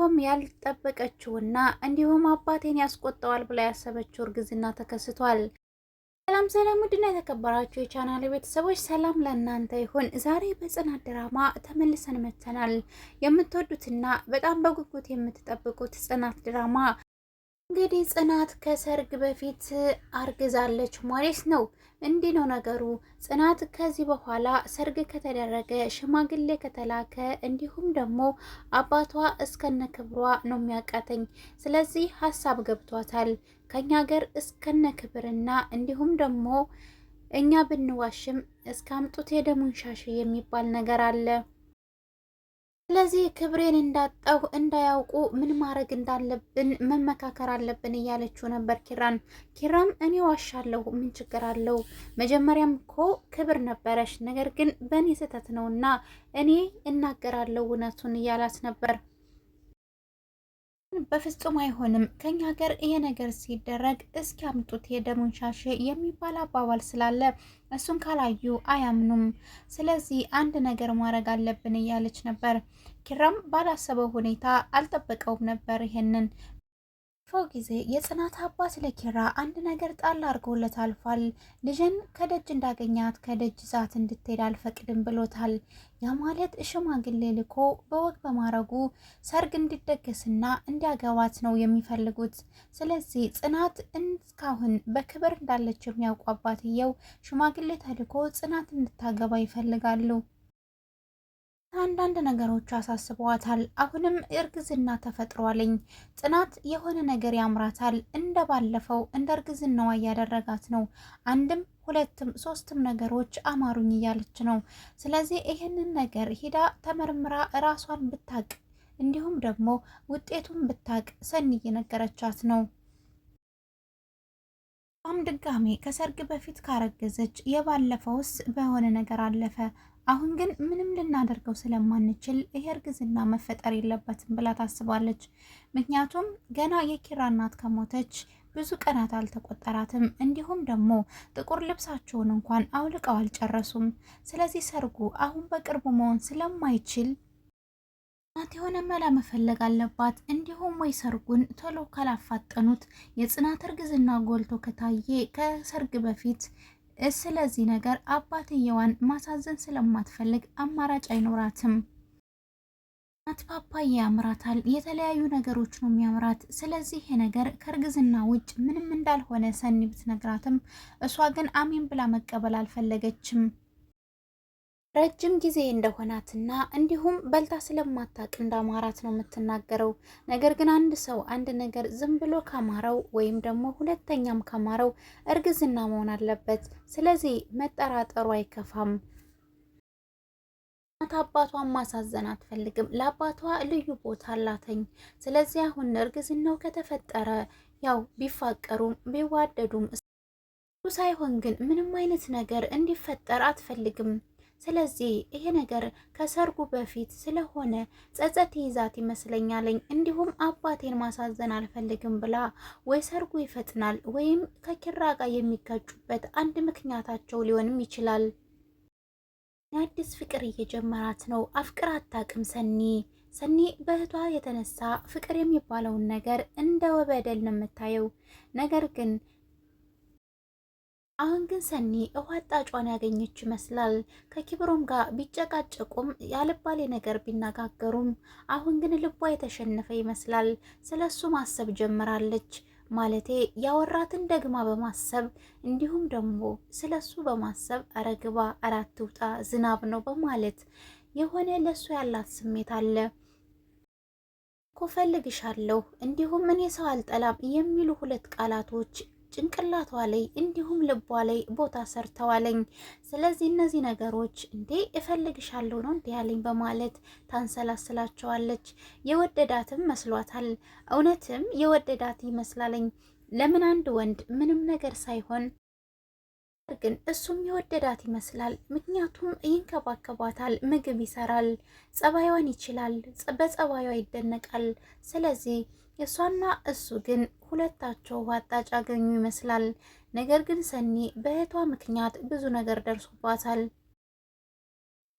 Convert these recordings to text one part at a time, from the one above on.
እንዲሁም ያልጠበቀችውና እንዲሁም አባቴን ያስቆጠዋል ብላ ያሰበችው እርግዝና ተከስቷል። ሰላም ሰላም፣ ውድና የተከበራችሁ የቻናል ቤተሰቦች ሰላም ለእናንተ ይሁን። ዛሬ በጽናት ድራማ ተመልሰን መጥተናል። የምትወዱትና በጣም በጉጉት የምትጠብቁት ጽናት ድራማ እንግዲህ ጽናት ከሰርግ በፊት አርግዛለች ማለት ነው። እንዲህ ነው ነገሩ። ጽናት ከዚህ በኋላ ሰርግ ከተደረገ ሽማግሌ ከተላከ እንዲሁም ደግሞ አባቷ እስከነ ክብሯ ነው የሚያቃተኝ። ስለዚህ ሀሳብ ገብቷታል። ከኛ ሀገር እስከነ ክብርና እንዲሁም ደግሞ እኛ ብንዋሽም እስከ አምጡት የደሙን ሻሽ የሚባል ነገር አለ። ስለዚህ ክብሬን እንዳጣው እንዳያውቁ ምን ማድረግ እንዳለብን መመካከር አለብን እያለችው ነበር ኪራን። ኪራም እኔ ዋሻለሁ ምን ችግር አለው? መጀመሪያም እኮ ክብር ነበረሽ፣ ነገር ግን በእኔ ስህተት ነውና እኔ እናገራለሁ እውነቱን እያላት ነበር። በፍጹም አይሆንም። ከኛ ሀገር ይሄ ነገር ሲደረግ እስኪ ያምጡት የደሙን ሻሽ የሚባል አባባል ስላለ እሱን ካላዩ አያምኑም። ስለዚህ አንድ ነገር ማድረግ አለብን እያለች ነበር። ኪራም ባላሰበው ሁኔታ አልጠበቀውም ነበር ይሄንን። ባለፈው ጊዜ የጽናት አባት ለኪራ አንድ ነገር ጣል አድርጎለት አልፏል። ልጅን ከደጅ እንዳገኛት ከደጅ ዛት እንድትሄድ አልፈቅድም ብሎታል። ያ ማለት ሽማግሌ ልኮ በወግ በማረጉ ሰርግ እንዲደገስና እንዲያገባት ነው የሚፈልጉት። ስለዚህ ጽናት እስካሁን በክብር እንዳለች የሚያውቁ አባትየው ሽማግሌ ተልኮ ጽናት እንድታገባ ይፈልጋሉ። አንዳንድ ነገሮች አሳስበዋታል። አሁንም እርግዝና ተፈጥሯልኝ ጽናት የሆነ ነገር ያምራታል። እንደ ባለፈው እንደ እርግዝናዋ እያደረጋት ነው። አንድም ሁለትም ሶስትም ነገሮች አማሩኝ እያለች ነው። ስለዚህ ይህንን ነገር ሂዳ ተመርምራ ራሷን ብታቅ እንዲሁም ደግሞ ውጤቱን ብታቅ ሰኒ እየነገረቻት ነው። አም ድጋሜ ከሰርግ በፊት ካረገዘች የባለፈውስ በሆነ ነገር አለፈ አሁን ግን ምንም ልናደርገው ስለማንችል ይሄ እርግዝና መፈጠር የለበትም ብላ ታስባለች። ምክንያቱም ገና የኪራ እናት ከሞተች ብዙ ቀናት አልተቆጠራትም። እንዲሁም ደግሞ ጥቁር ልብሳቸውን እንኳን አውልቀው አልጨረሱም። ስለዚህ ሰርጉ አሁን በቅርቡ መሆን ስለማይችል ጽናት የሆነ መላ መፈለግ አለባት። እንዲሁም ወይ ሰርጉን ቶሎ ካላፋጠኑት የጽናት እርግዝና ጎልቶ ከታየ ከሰርግ በፊት ስለዚህ ነገር አባትየዋን ማሳዘን ስለማትፈልግ አማራጭ አይኖራትም። ፓፓዬ ያምራታል፣ የተለያዩ ነገሮች ነው የሚያምራት። ስለዚህ ይሄ ነገር ከእርግዝና ውጭ ምንም እንዳልሆነ ሰኒ ብትነግራትም እሷ ግን አሜን ብላ መቀበል አልፈለገችም። ረጅም ጊዜ እንደሆናትና እንዲሁም በልታ ስለማታቅ እንዳማራት ነው የምትናገረው። ነገር ግን አንድ ሰው አንድ ነገር ዝም ብሎ ካማረው ወይም ደግሞ ሁለተኛም ካማረው እርግዝና መሆን አለበት። ስለዚህ መጠራጠሩ አይከፋም። እናት አባቷን ማሳዘን አትፈልግም። ለአባቷ ልዩ ቦታ አላተኝ። ስለዚህ አሁን እርግዝናው ከተፈጠረ ያው ቢፋቀሩም ቢዋደዱም ሳይሆን ግን ምንም አይነት ነገር እንዲፈጠር አትፈልግም። ስለዚህ ይሄ ነገር ከሰርጉ በፊት ስለሆነ ጸጸት ይዛት ይመስለኛለኝ። እንዲሁም አባቴን ማሳዘን አልፈልግም ብላ ወይ ሰርጉ ይፈጥናል ወይም ከኪራ ጋር የሚጋጩበት አንድ ምክንያታቸው ሊሆንም ይችላል። የአዲስ ፍቅር እየጀመራት ነው። አፍቅር አታውቅም ሰኒ ሰኒ በእህቷ የተነሳ ፍቅር የሚባለውን ነገር እንደ ወበደል ነው የምታየው ነገር ግን አሁን ግን ሰኒ ውሃ ጣጯን ያገኘች ይመስላል። ከኪብሮም ጋር ቢጨቃጨቁም ያልባሌ ነገር ቢነጋገሩም አሁን ግን ልቧ የተሸነፈ ይመስላል። ስለ እሱ ማሰብ ጀምራለች። ማለቴ ያወራትን ደግማ በማሰብ እንዲሁም ደግሞ ስለ እሱ በማሰብ አረግባ አራትውጣ ዝናብ ነው በማለት የሆነ ለእሱ ያላት ስሜት አለ ኮፈልግሻለሁ እንዲሁም እኔ ሰው አልጠላም የሚሉ ሁለት ቃላቶች ጭንቅላቷ ላይ እንዲሁም ልቧ ላይ ቦታ ሰርተዋለኝ። ስለዚህ እነዚህ ነገሮች እንዴ እፈልግሻለሁ ነው እንዲህ ያለኝ በማለት ታንሰላስላቸዋለች። የወደዳትም መስሏታል። እውነትም የወደዳት ይመስላለኝ። ለምን አንድ ወንድ ምንም ነገር ሳይሆን ግን እሱም የወደዳት ይመስላል። ምክንያቱም ይንከባከባታል፣ ምግብ ይሰራል፣ ጸባይዋን ይችላል፣ በጸባይዋ ይደነቃል። ስለዚህ እሷና እሱ ግን ሁለታቸው ዋጣጭ ያገኙ ይመስላል። ነገር ግን ሰኒ በእህቷ ምክንያት ብዙ ነገር ደርሶባታል።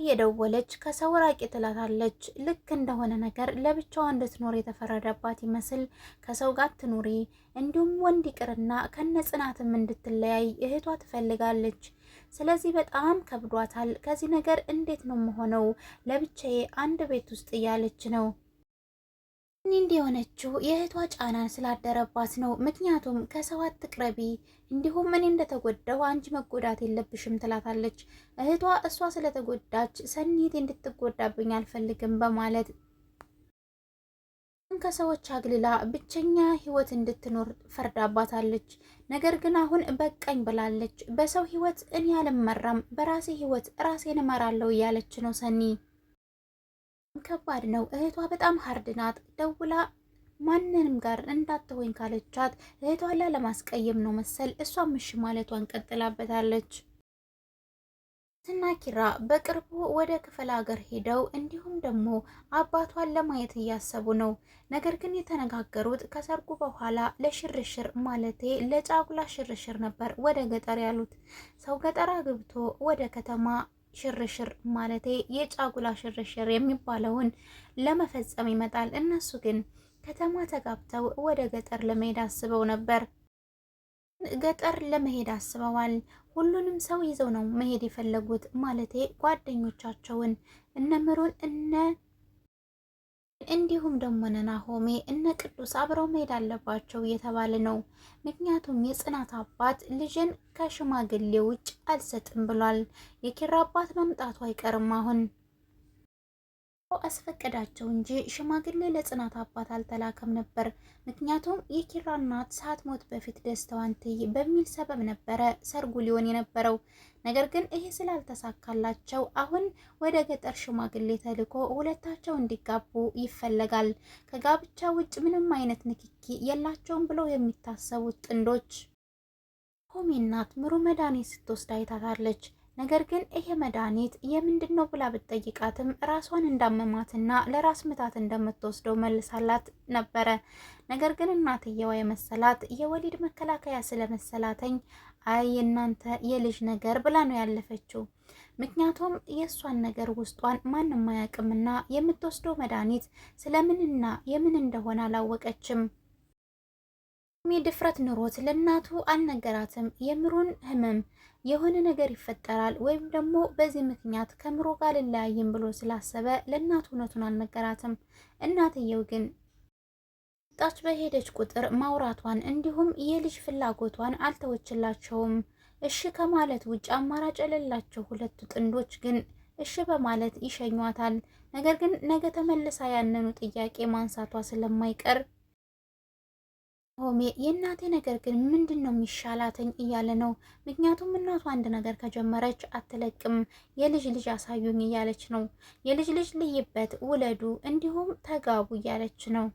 እየደወለች ከሰው ራቂ ትላታለች። ልክ እንደሆነ ነገር ለብቻዋ እንድትኖር የተፈረደባት ይመስል ከሰው ጋር ትኑሪ፣ እንዲሁም ወንድ ይቅርና ከነ ጽናትም እንድትለያይ እህቷ ትፈልጋለች። ስለዚህ በጣም ከብዷታል። ከዚህ ነገር እንዴት ነው መሆነው ለብቻዬ አንድ ቤት ውስጥ እያለች ነው እንዲህ የሆነችው የእህቷ ጫናን ስላደረባት ነው። ምክንያቱም ከሰዋት ቅረቢ እንዲሁም እኔ እንደተጎዳው አንቺ መጎዳት የለብሽም ትላታለች። እህቷ እሷ ስለተጎዳች ሰኒት እንድትጎዳብኝ አልፈልግም በማለት ከሰዎች አግልላ ብቸኛ ህይወት እንድትኖር ፈርዳባታለች። ነገር ግን አሁን በቀኝ ብላለች። በሰው ህይወት እኔ አልመራም፣ በራሴ ህይወት ራሴን እመራለሁ እያለች ነው ሰኒ ከባድ ነው። እህቷ በጣም ሀርድ ናት። ደውላ ማንንም ጋር እንዳትሆኝ ካለቻት ላ ላለማስቀየም ነው መሰል እሷም እሺ ማለቷን ቀጥላበታለች። ስና ኪራ በቅርቡ ወደ ክፍለ ሀገር ሄደው እንዲሁም ደግሞ አባቷን ለማየት እያሰቡ ነው። ነገር ግን የተነጋገሩት ከሰርጉ በኋላ ለሽርሽር ማለቴ ለጫጉላ ሽርሽር ነበር ወደ ገጠር ያሉት። ሰው ገጠር አግብቶ ወደ ከተማ ሽርሽር ማለቴ የጫጉላ ሽርሽር የሚባለውን ለመፈጸም ይመጣል። እነሱ ግን ከተማ ተጋብተው ወደ ገጠር ለመሄድ አስበው ነበር። ገጠር ለመሄድ አስበዋል። ሁሉንም ሰው ይዘው ነው መሄድ የፈለጉት። ማለቴ ጓደኞቻቸውን እነ ምሩን እነ እንዲሁም ደግሞ ናሆሜ እነ ቅዱስ አብረው መሄድ አለባቸው እየተባለ ነው። ምክንያቱም የጽናት አባት ልጅን ከሽማግሌ ውጭ አልሰጥም ብሏል። የኪራ አባት መምጣቱ አይቀርም አሁን አስፈቀዳቸው እንጂ ሽማግሌ ለጽናት አባት አልተላከም ነበር። ምክንያቱም የኪራ እናት ሳትሞት በፊት ደስታዋን ትይ በሚል ሰበብ ነበረ ሰርጉ ሊሆን የነበረው። ነገር ግን ይሄ ስላልተሳካላቸው አሁን ወደ ገጠር ሽማግሌ ተልኮ ሁለታቸው እንዲጋቡ ይፈለጋል። ከጋብቻ ውጭ ምንም አይነት ንክኪ የላቸውም ብለው የሚታሰቡት ጥንዶች ሆሜ እናት ምሩ መድኃኒት ስትወስድ አይታታለች። ነገር ግን ይሄ መድኃኒት የምንድን ነው ብላ ብትጠይቃትም ራሷን እንዳመማትና ለራስ ምታት እንደምትወስደው መልሳላት ነበረ። ነገር ግን እናትየዋ የመሰላት የወሊድ መከላከያ ስለመሰላተኝ አይ የእናንተ የልጅ ነገር ብላ ነው ያለፈችው። ምክንያቱም የእሷን ነገር ውስጧን ማንም አያውቅምና የምትወስደው መድኃኒት ስለምንና የምን እንደሆነ አላወቀችም። ድፍረት ኑሮት ለእናቱ አልነገራትም። የምሩን ህመም የሆነ ነገር ይፈጠራል ወይም ደግሞ በዚህ ምክንያት ከምሮ ጋር ልለያይም ብሎ ስላሰበ ለእናቱ እውነቱን አልነገራትም። እናትየው ግን ጣች በሄደች ቁጥር ማውራቷን እንዲሁም የልጅ ፍላጎቷን አልተወችላቸውም። እሺ ከማለት ውጭ አማራጭ የሌላቸው ሁለቱ ጥንዶች ግን እሺ በማለት ይሸኟታል። ነገር ግን ነገ ተመልሳ ያንኑ ጥያቄ ማንሳቷ ስለማይቀር ሆሜ የእናቴ ነገር ግን ምንድን ነው የሚሻላትኝ እያለ ነው። ምክንያቱም እናቱ አንድ ነገር ከጀመረች አትለቅም። የልጅ ልጅ አሳዩኝ እያለች ነው። የልጅ ልጅ ልይበት፣ ውለዱ፣ እንዲሁም ተጋቡ እያለች ነው።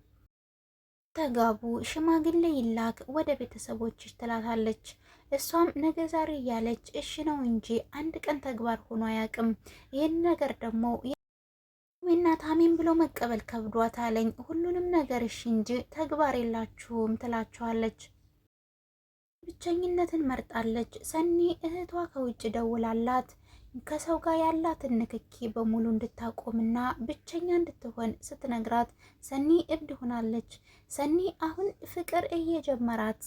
ተጋቡ፣ ሽማግሌ ይላክ ወደ ቤተሰቦችሽ ትላታለች። እሷም ነገ ዛሬ እያለች እሺ ነው እንጂ አንድ ቀን ተግባር ሆኖ አያውቅም። ይህን ነገር ደግሞ እናት አሜን ብሎ መቀበል ከብዷት አለኝ። ሁሉንም ነገር እሺ እንጂ ተግባር የላችሁም ትላችኋለች። ብቸኝነትን መርጣለች። ሰኒ እህቷ ከውጭ ደውላላት ከሰው ጋር ያላትን ንክኪ በሙሉ እንድታቆምና ብቸኛ እንድትሆን ስትነግራት ሰኒ እብድ ሆናለች። ሰኒ አሁን ፍቅር እየጀመራት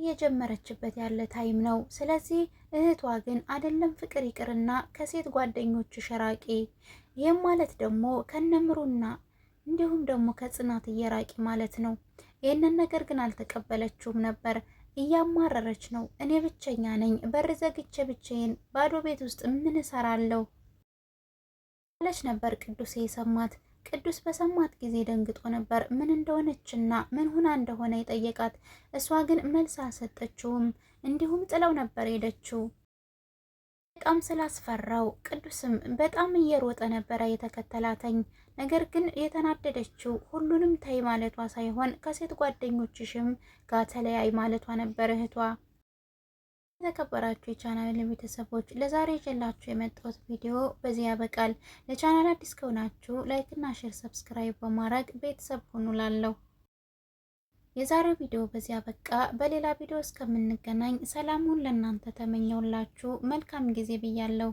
እየጀመረችበት ያለ ታይም ነው። ስለዚህ እህቷ ግን አይደለም ፍቅር ይቅርና ከሴት ጓደኞች ሸራቂ፣ ይህም ማለት ደግሞ ከነምሩና እንዲሁም ደግሞ ከጽናት እየራቂ ማለት ነው። ይህንን ነገር ግን አልተቀበለችውም ነበር። እያማረረች ነው። እኔ ብቸኛ ነኝ፣ በር ዘግቼ ብቻዬን ባዶ ቤት ውስጥ ምን እሰራለሁ አለች ነበር ቅዱሴ የሰማት ቅዱስ በሰማት ጊዜ ደንግጦ ነበር። ምን እንደሆነችና ምን ሁና እንደሆነ የጠየቃት፣ እሷ ግን መልስ አልሰጠችውም። እንዲሁም ጥለው ነበር ሄደችው። በጣም ስላስፈራው ቅዱስም በጣም እየሮጠ ነበረ የተከተላተኝ። ነገር ግን የተናደደችው ሁሉንም ተይ ማለቷ ሳይሆን ከሴት ጓደኞችሽም ጋር ተለያይ ማለቷ ነበር እህቷ የተከበራችሁ የቻናል ቤተሰቦች ለዛሬ ይዤላችሁ የመጣሁት ቪዲዮ በዚህ ያበቃል። ለቻናል አዲስ ከሆናችሁ ላይክ እና ሼር፣ ሰብስክራይብ በማድረግ ቤተሰብ ሁኑ ላለሁ። የዛሬው ቪዲዮ በዚህ ያበቃ። በሌላ ቪዲዮ እስከምንገናኝ ሰላሙን ለእናንተ ተመኘውላችሁ። መልካም ጊዜ ብያለሁ።